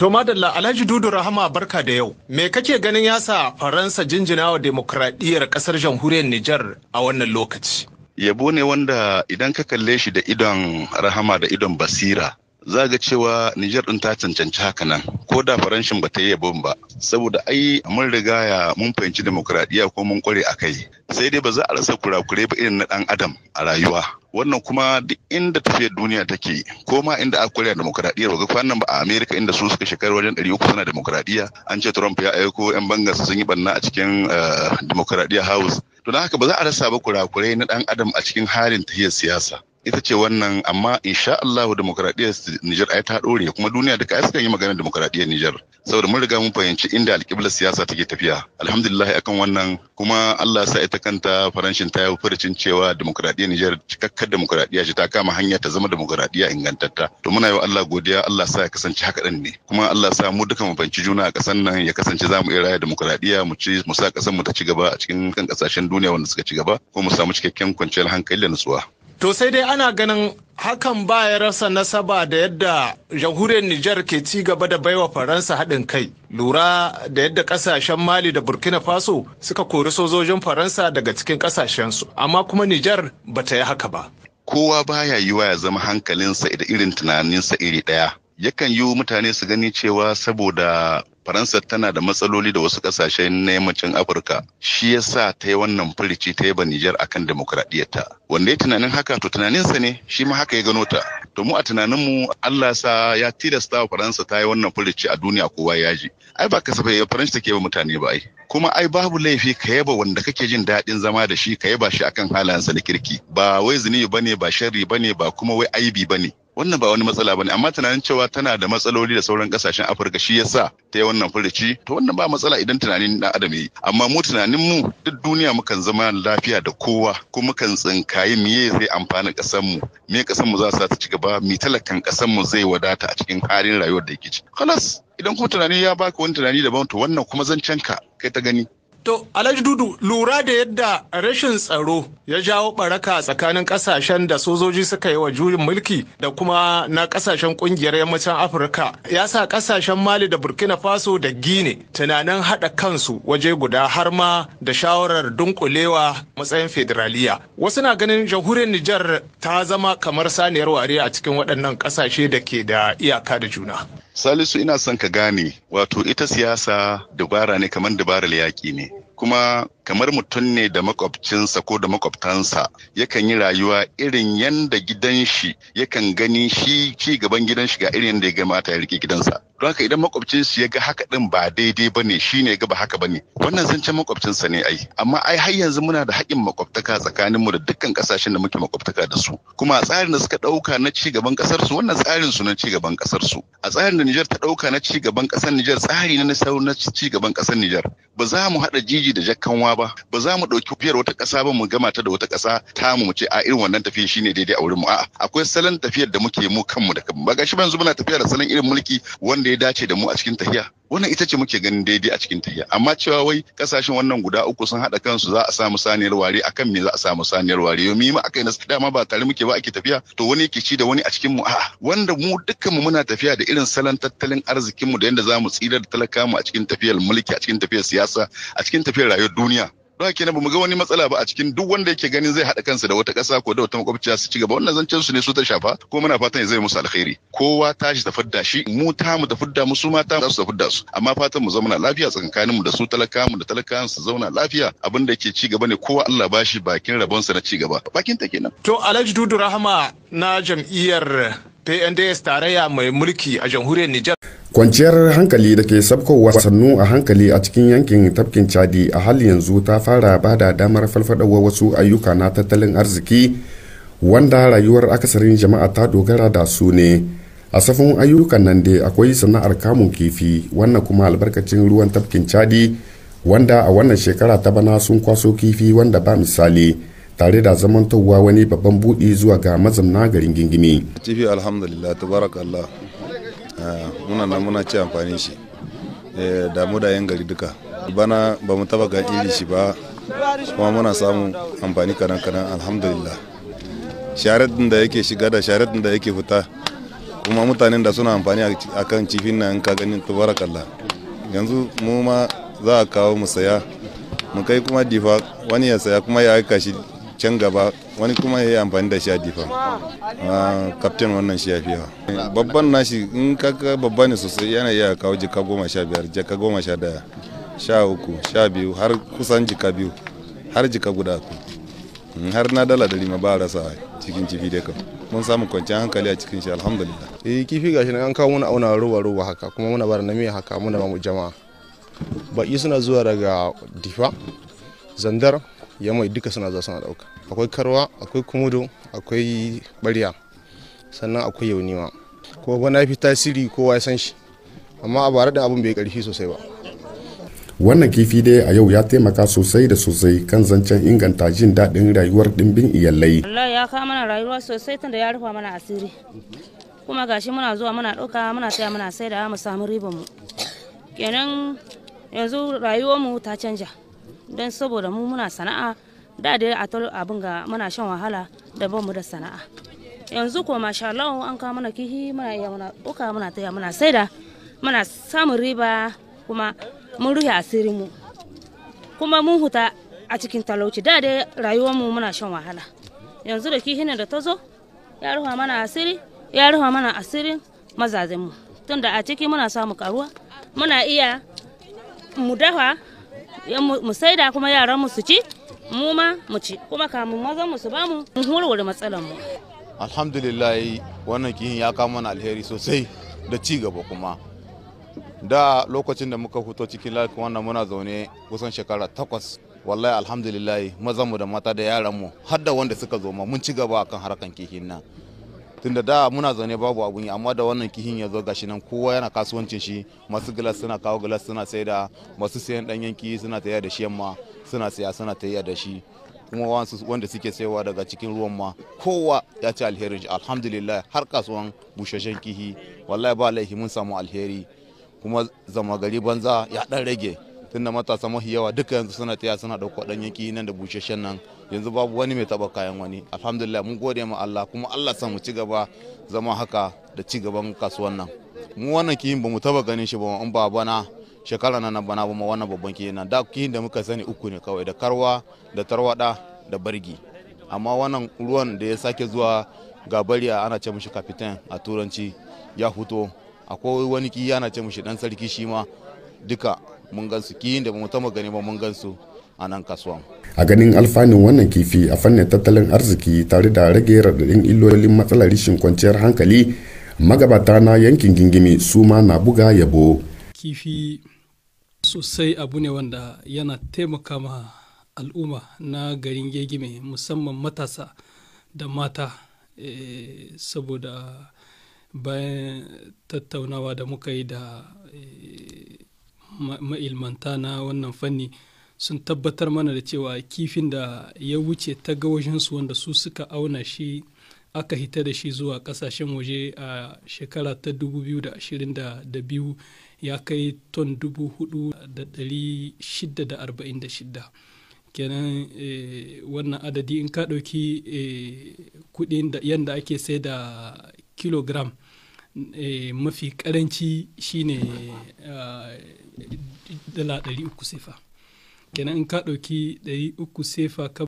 To Madalla Alhaji Dudu Rahama barka da yau. Me kake ganin yasa Faransa jinjina wa ƙasar kasar jamhuriyar Nijar a wannan lokaci? Yabo ne wanda idan ka kalle shi da idon rahama da idon basira za ga cewa Nijar din ta cancanci haka nan ko da faranshin ba ta yi yabon ba saboda ai mun riga ya mun fahimci demokradiyya ko mun kware a kai sai dai ba za a rasa kurakurai ba irin na dan adam a rayuwa wannan kuma duk inda tafiyar duniya take ko ma inda aka kware demokradiyyar ba ga nan ba a Amerika inda su suka shekaru wajen 300 suna demokradiyya an ce Trump ya aiko yan bangar sun yi banna a cikin eh, demokradiyya house to haka ba za a rasa ba kurakurai na dan adam a cikin halin tahiyar siyasa ita ce wannan amma insha Allah demokradiyyar Nijar ai ta dore kuma duniya duka ai suka yi magana demokradiyyar Nijar saboda mun riga mun fahimci inda alƙiblar siyasa take tafiya alhamdulillah akan wannan kuma Allah sa ita kanta faranshin ta yi furucin cewa demokradiyyar Nijar cikakkar demokradiyya shi ta kama hanya ta zama demokradiyya ingantatta to muna yi wa Allah godiya Allah sa ya kasance haka din ne kuma Allah sa mu duka mu fahimci juna a ƙasar nan ya kasance za mu iya raya demokradiyya mu ci mu sa ƙasar mu ta ci gaba a cikin kan ƙasashen duniya wanda suka ci gaba ko mu samu cikakken kwanciyar hankali da nutsuwa To sai dai ana ganin hakan ba ya rasa nasaba da yadda jamhuriyar Nijar ke ci gaba da baiwa Faransa haɗin kai. Lura da yadda ƙasashen Mali da Burkina Faso suka kori sojojin Faransa daga cikin ƙasashensu, amma kuma Nijar ba ta yi haka ba. Kowa baya yiwa ya zama hankalinsa da irin tunaninsa iri ɗaya. Yakan yi mutane su gani cewa saboda faransa tana da matsaloli da wasu ƙasashen na yammacin afirka shi ya sa ta yi wannan furici ta yi ba nijar akan demokradiyyarta wanda ya tunanin haka to tunaninsa ne shi ma haka ya gano ta to mu a tunaninmu allah sa ya tilasta wa faransa ta yi wannan furici a duniya kowa ya ji ai ba kasafai faransa take ba mutane ba ai kuma ai babu laifi ka yaba wanda kake jin daɗin zama da shi ka yaba shi akan halayensa na kirki ba wai zunubi ne ba sharri ne ba kuma wai aibi ba ne. wannan ba wani matsala bane amma tunanin cewa tana da matsaloli da sauran kasashen Afirka shi yasa ta yi wannan furuci to wannan ba matsala idan tunanin dan adam yi amma mu tunanin mu duk duniya mukan zama lafiya da kowa kuma mukan tsinkayi miye zai amfana kasar mu me kasar mu za su ta ci gaba mi talakan kasar mu zai wadata a cikin halin rayuwar da yake ci. Kalas idan kuma tunani ya baka wani tunani daban to wannan kuma zancen ka kai ta gani To, Alhaji Dudu, lura da yadda rashin tsaro ya jawo baraka tsakanin kasashen da sojoji suka yi wa juyin mulki da kuma na kasashen kungiyar yammacin Afirka ya sa kasashen Mali da Burkina Faso da Gine tunanin haɗa kansu waje guda har ma da shawarar dunkulewa matsayin federaliya. Wasu na ganin jamhuriyar Nijar ta zama kamar saniyar ware a cikin waɗannan kasashe da ke da iyaka da juna. Salisu ina son ka gane wato ita siyasa dabara ne kamar dabarar yaƙi ne. Kuma kamar mutum ne da makwabcinsa ko da makwabtansa yakan yi rayuwa irin yanda gidan shi yakan gani shi ci gaban gidan shi ga irin yanda ya mata ya rike gidansa don haka idan shi ya ga haka din ba daidai ba ne shi ne ga ba haka ba ne. wannan zance makwabcinsa ne ai amma ai har yanzu muna da haƙƙin makwabtaka tsakanin mu da dukkan ƙasashen da muke makwabtaka da su kuma a tsarin da suka ɗauka na ci gaban ƙasar su wannan tsarin su na ci gaban ƙasar su a tsarin da Nijar ta ɗauka na ci gaban ƙasar Niger tsari na na ci gaban ƙasar Niger ba za mu haɗa jiji da jakkanwa ba ba za mu ɗauki tafiyar wata ƙasa ba mu gama ta da wata ƙasa ta mu ce a irin wannan tafiyar shine daidai a wurin mu a'a akwai salon tafiyar da muke mu kanmu da kanmu ba ga shi yanzu muna tafiya da salon irin mulki wanda ya dace da mu a cikin tafiya wannan ita ce muke ganin daidai a cikin tahiya amma cewa wai kasashen wannan guda uku sun haɗa kansu za a samu saniyar ware akan me za a samu saniyar ware yau mi ma aka yi dama ba tare muke ba ake tafiya to wani yake ci da wani a cikin mu a'a wanda mu mu muna tafiya da irin salon tattalin arzikin mu da yanda za mu tsira da talaka mu a cikin tafiyar mulki a cikin tafiyar siyasa a cikin tafiyar rayuwar duniya don haka ba mu ga wani matsala ba a cikin duk wanda yake ganin zai haɗa kansa da wata ƙasa ko da wata makwabciya su ci gaba wannan zancen su ne su ta shafa ko muna fatan zai musu alkhairi kowa tashi ta fidda shi mu ta mu ta fidda mu su ma ta su ta fidda su amma fatan mu zauna lafiya tsakaninmu da su talaka mu da talakan su zauna lafiya abin da ke ci gaba ne kowa Allah ba shi bakin rabonsa na ci gaba bakin ta kenan to Alhaji Dudu Rahama na jam'iyyar PNDS tarayya mai mulki a jamhuriyar Nijar. Kwanciyar hankali da ke sabkowa sannu a hankali a cikin yankin tafkin Chadi a hali yanzu ta fara ba da damar falfadawa wasu ayyuka na tattalin arziki wanda rayuwar akasarin jama'a ta dogara da su ne. A safin ayyukan nan dai akwai sana'ar kamun kifi wannan kuma albarkacin ruwan tafkin Chadi wanda a wannan shekara ta bana sun kwaso kifi wanda ba misali. tare da zamantowa wani babban buɗi zuwa ga mazamna garin gingimi. Cifi alhamdulillah Allah ah, muna nan muna ci amfani shi eh, mu da yan gari duka bana ba mu taba ga iri shi ba kuma muna samun amfani kanan kanan alhamdulillah Sharadin da yake shiga da sharadin da yake fita kuma mutanen da suna amfani a kan cifin nan ka ganin Allah yanzu mu ma za a kawo mu saya mu kai kuma difa wani ya saya kuma ya aika shi can gaba wani kuma ya yi amfani da sha a difa kaftin ah, wannan shi ya fi yawa babban nashi in kaka babba ne sosai yana iya kawo jika goma sha biyar jika goma sha daya sha uku sha biyu har kusan jika biyu har jika guda ku har na dala dari ma ba rasa cikin kifi da kan mun samu kwanciyar hankali a cikin shi alhamdulillah eh kifi gashi nan an kawo muna auna ruwa ruwa haka kuma muna bar nami haka muna ba mu jama'a baki suna zuwa daga difa zandar yamai duka suna zuwa suna dauka akwai karwa akwai kumudo akwai barya sannan akwai yauniwa ko bana fi tasiri kowa ya san shi amma a bara da abin bai karfi sosai ba wannan kifi dai a yau ya taimaka sosai da sosai kan zancen inganta jin daɗin rayuwar ɗimbin iyalai Allah ya kawo mana rayuwa sosai tunda ya rufa mana asiri kuma gashi muna zuwa muna ɗauka muna taya muna sai da mu samu ribar mu kenan yanzu rayuwar mu ta canja don saboda mu muna sana'a da dai a abin ga muna shan wahala da bamu da sana'a yanzu ko masha Allah an kawo mana kihi muna iya muna uka muna taya muna saida muna samun riba kuma mun ruhi asirin mu kuma mun huta a cikin talauci da dai rayuwar mu muna shan wahala yanzu da ne da ta zo ya ruha mana asiri ya ruha mana asirin mazajen mu tunda a ciki muna samu karuwa muna iya mu dafa mu saida kuma yaran mu su ci mu ma mu ci kuma kamun mazan mu su ba mu mun hurwuri matsalan mu alhamdulillah wannan kihin ya kama mana alheri sosai da ci gaba kuma da lokacin da muka fito cikin lafiya wannan muna zaune kusan shekara takwas wallahi alhamdulillah mu da mata da yaran mu har da wanda suka zo ma mun ci gaba akan harkan kihin nan tunda da muna zaune babu abun yi amma da wannan kihin ya zo gashi nan kowa yana kasuwancin shi masu glass suna kawo glass suna saida masu sayan danyen kihi suna tayar da shi yamma suna saya suna tayar da shi kuma wasu wanda suke sayawa daga cikin ruwan ma kowa ya ci alheri alhamdulillah har kasuwan bushashen kihi wallahi ba laifi mun samu alheri kuma zama gari banza ya dan rage tunda matasa mafi yawa duka yanzu suna taya suna ɗauko dan yanki nan da busheshen nan yanzu babu wani mai taba kayan wani alhamdulillah mun gode ma Allah kuma Allah san mu ci gaba zama haka da ci gaban kasuwan nan mu wannan kihin ba mu taɓa ganin shi ba in ba bana shekara nan bana ba ma wannan babban kihin nan da kihin da muka sani uku ne kawai da karwa da tarwada da bargi amma wannan ruwan da ya sake zuwa ga bariya ana ce mishi kapitan a turanci ya fito akwai wani kiyi ana ce mishi dan sarki shi ma duka mun gan su kiyin da mu ta magani ba mun gan su a nan kasuwan a ganin alfanun wannan kifi a fannin tattalin arziki tare da rage radadin illolin matsalar rishin kwanciyar hankali magabata na yankin gingimi su ma na buga yabo kifi sosai abu ne wanda yana taimaka ma al'umma na garin gegime musamman matasa da mata eh, saboda bayan tattaunawa da muka yi da eh, ma'ilmanta na wannan fanni sun tabbatar mana da cewa kifin da ya wuce ta gawashinsu wanda su suka auna shi aka hita da shi zuwa kasashen waje a shekara ta 2022 ya kai ton 4,646 kenan eh, wannan adadi in ka ɗauki eh, kuɗin yadda ake sai da kilogram Eh, mafi karanci shine eh, dala 300 sefa kenan in ka ɗauki 300 sefa